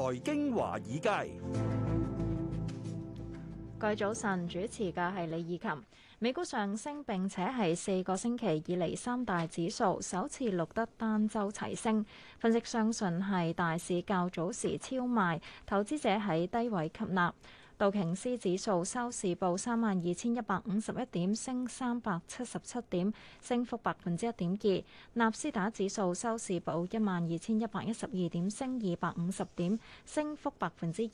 財經華爾街，早晨，主持嘅係李怡琴。美股上升並且係四個星期以嚟三大指數首次錄得單周齊升。分析相信係大市較早時超賣，投資者喺低位吸納。道瓊斯指數收市報三萬二千一百五十一點，升三百七十七點，升幅百分之一點二。納斯達指數收市報一萬二千一百一十二點，升二百五十點，升幅百分之二。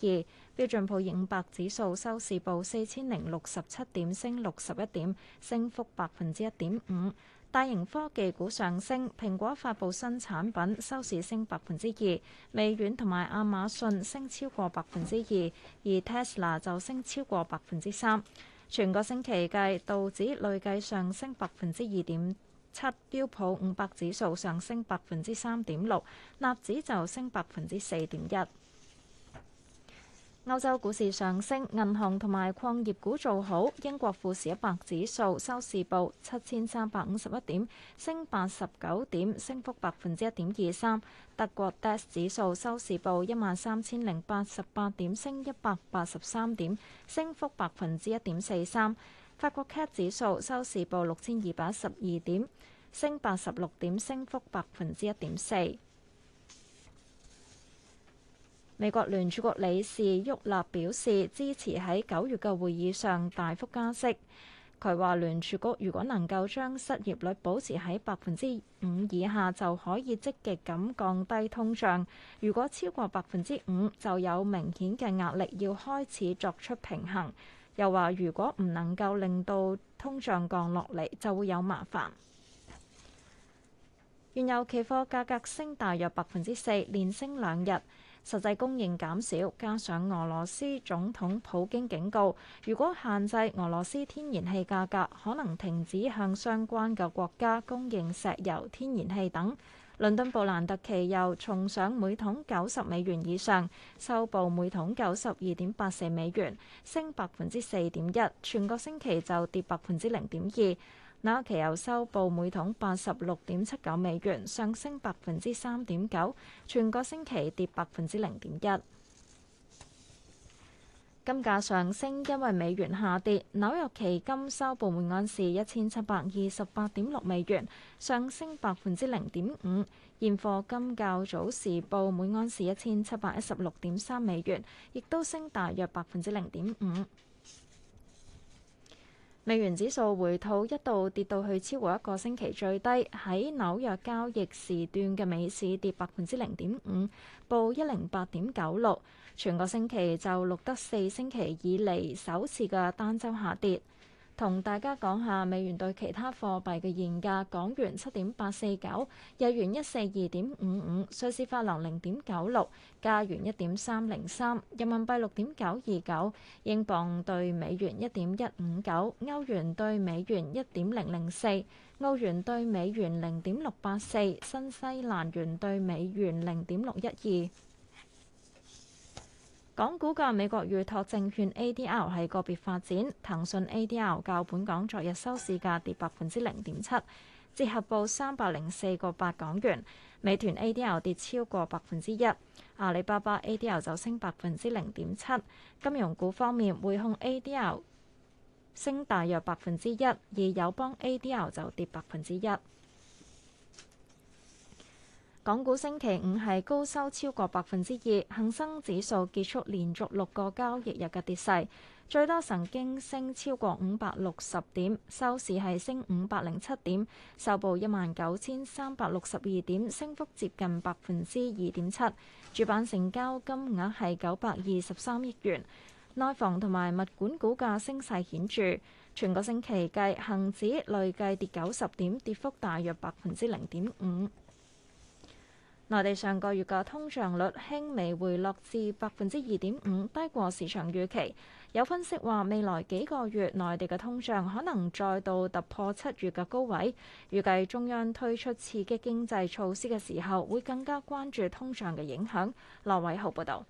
標準普爾五百指數收市報四千零六十七點，升六十一點，升幅百分之一點五。大型科技股上升，蘋果發佈新產品，收市升百分之二，微軟同埋亞馬遜升超過百分之二，而 Tesla 就升超過百分之三。全個星期計，道指累計上升百分之二點七，標普五百指數上升百分之三點六，納指就升百分之四點一。歐洲股市上升，銀行同埋礦業股做好。英國富時一百指數收市報七千三百五十一點，升八十九點，升幅百分之一點二三。德國 DAX 指數收市報一萬三千零八十八點，升一百八十三點，升幅百分之一點四三。法國 CAC 指數收市報六千二百十二點，升八十六點，升幅百分之一點四。美國聯儲局理事沃納表示支持喺九月嘅會議上大幅加息。佢話：聯儲局如果能夠將失業率保持喺百分之五以下，就可以積極咁降低通脹；如果超過百分之五，就有明顯嘅壓力要開始作出平衡。又話：如果唔能夠令到通脹降落嚟，就會有麻煩。原油期貨價格升大約百分之四，連升兩日。實際供應減少，加上俄羅斯總統普京警告，如果限制俄羅斯天然氣價格，可能停止向相關嘅國家供應石油、天然氣等。倫敦布蘭特期油重上每桶九十美元以上，收報每桶九十二點八四美元，升百分之四點一，全個星期就跌百分之零點二。紐約期油收報每桶八十六點七九美元，上升百分之三點九，全個星期跌百分之零點一。金價上升，因為美元下跌。紐約期金收報每盎司一千七百二十八點六美元，上升百分之零點五。現貨金較早時報每盎司一千七百一十六點三美元，亦都升大約百分之零點五。美元指數回吐一度跌到去超過一個星期最低，喺紐約交易時段嘅美市跌百分之零點五，報一零八點九六，全個星期就錄得四星期以嚟首次嘅單週下跌。同大家講下美元對其他貨幣嘅現價，港元七點八四九，日元一四二點五五，瑞士法郎零點九六，加元一點三零三，人民幣六點九二九，英鎊對美元一點一五九，歐元對美元一點零零四，澳元對美元零點六八四，新西蘭元對美元零點六一二。港股嘅美國預託證券 ADR 係個別發展，騰訊 ADR 較本港昨日收市價跌百分之零點七，折合報三百零四個八港元。美團 ADR 跌超過百分之一，阿里巴巴 ADR 就升百分之零點七。金融股方面，匯控 ADR 升大約百分之一，而友邦 ADR 就跌百分之一。港股星期五係高收超過百分之二，恒生指數結束連續六個交易日嘅跌勢，最多曾經升超過五百六十點，收市係升五百零七點，收報一萬九千三百六十二點, 19, 點升幅接近百分之二點七。主板成交金額係九百二十三億元，內房同埋物管股價升勢顯著。全個星期計，恒指累計跌九十點，跌幅大約百分之零點五。內地上個月嘅通脹率輕微回落至百分之二點五，低過市場預期。有分析話，未來幾個月內地嘅通脹可能再度突破七月嘅高位。預計中央推出刺激經濟措施嘅時候，會更加關注通脹嘅影響。羅偉豪報道。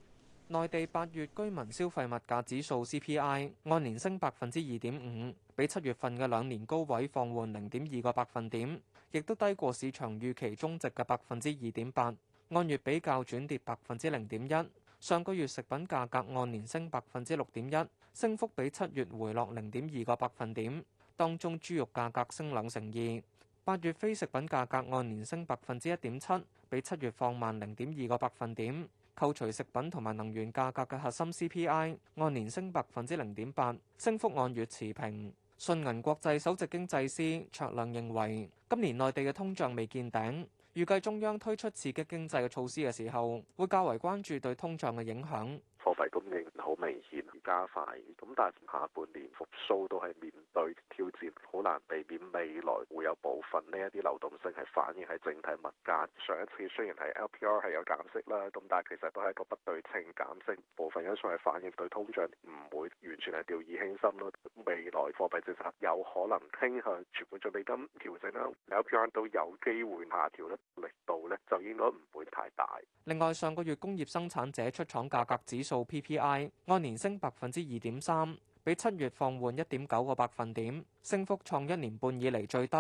內地八月居民消費物價指數 CPI 按年升百分之二點五，比七月份嘅兩年高位放緩零點二個百分點，亦都低過市場預期中值嘅百分之二點八。按月比較轉跌百分之零點一。上個月食品價格按年升百分之六點一，升幅比七月回落零點二個百分點。當中豬肉價格升兩成二。八月非食品價格按年升百分之一點七，比七月放慢零點二個百分點。扣除食品同埋能源價格嘅核心 CPI 按年升百分之零點八，升幅按月持平。信銀國際首席經濟師卓亮認為，今年內地嘅通脹未見頂，預計中央推出刺激經濟嘅措施嘅時候，會較為關注對通脹嘅影響、貨幣供應。明顯加快咁，但係下半年復甦都係面對挑戰，好難避免未來會有部分呢一啲流動性係反映喺整體物價。上一次雖然係 LPR 係有減息啦，咁但係其實都係一個不對稱減息，部分因素係反映對通脹唔會完全係掉以輕心咯。未來貨幣政策有可能傾向存款準備金調整啦，LPR 都有機會下調咧，力度咧就應該唔會太大。另外，上個月工業生產者出廠價格指數 PPI。按年升百分之二點三，比七月放緩一點九個百分點，升幅創一年半以嚟最低，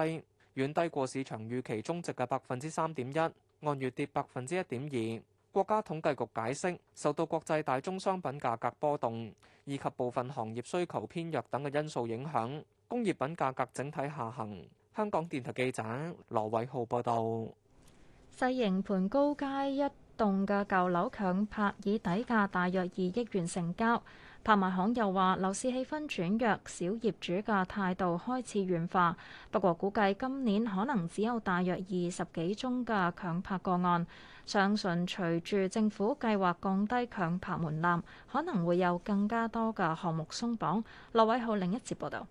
遠低過市場預期中值嘅百分之三點一。按月跌百分之一點二。國家統計局解釋，受到國際大宗商品價格波動，以及部分行業需求偏弱等嘅因素影響，工業品價格整體下行。香港電台記者羅偉浩報道。細營盤高街一棟嘅舊樓強拍以底價大約二億元成交，拍賣行又話樓市氣氛轉弱，小業主嘅態度開始軟化。不過估計今年可能只有大約二十幾宗嘅強拍個案。相信隨住政府計劃降低強拍門檻，可能會有更加多嘅項目鬆綁。羅偉浩另一節報道。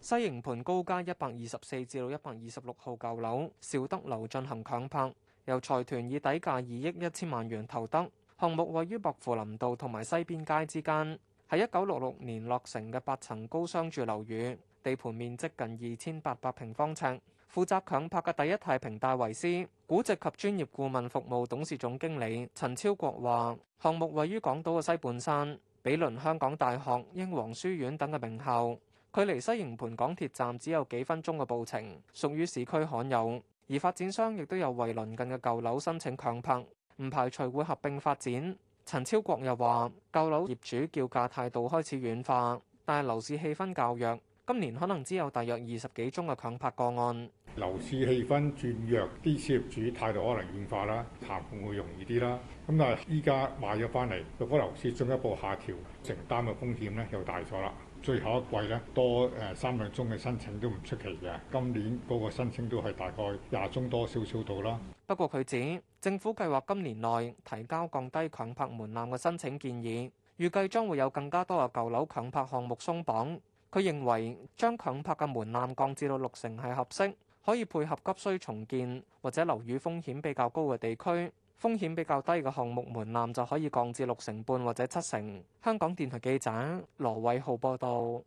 西營盤高街一百二十四至到一百二十六號舊樓，兆德樓進行強拍。由財團以底價二億一千萬元投得，項目位於薄扶林道同埋西邊街之間，係一九六六年落成嘅八層高商住樓宇，地盤面積近二千八百平方尺。負責強拍嘅第一太平戴維斯估值及專業顧問服務董事總經理陳超國話，項目位於港島嘅西半山，比鄰香港大學、英皇書院等嘅名校，距離西營盤港鐵站只有幾分鐘嘅步程，屬於市區罕有。而發展商亦都有為鄰近嘅舊樓申請強拍，唔排除會合併發展。陳超國又話，舊樓業主叫價態度開始軟化，但係樓市氣氛較弱，今年可能只有大約二十幾宗嘅強拍個案。樓市氣氛轉弱，啲業主態度可能軟化啦，談判會容易啲啦。咁但係依家買咗翻嚟，如果樓市進一步下調，承擔嘅風險咧又大咗啦。最後一季咧，多誒三兩宗嘅申請都唔出奇嘅。今年嗰個申請都係大概廿宗多少少到啦。不過佢指政府計劃今年內提交降低強拍門檻嘅申請建議，預計將會有更加多嘅舊樓強拍項目鬆綁。佢認為將強拍嘅門檻降至到六成係合適，可以配合急需重建或者樓宇風險比較高嘅地區。風險比較低嘅項目門檻就可以降至六成半或者七成。香港電台記者羅偉浩報道。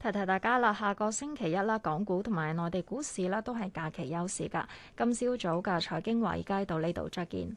提提大家啦，下個星期一啦，港股同埋內地股市啦都係假期休市噶。今朝早嘅財經華爾街到呢度再見。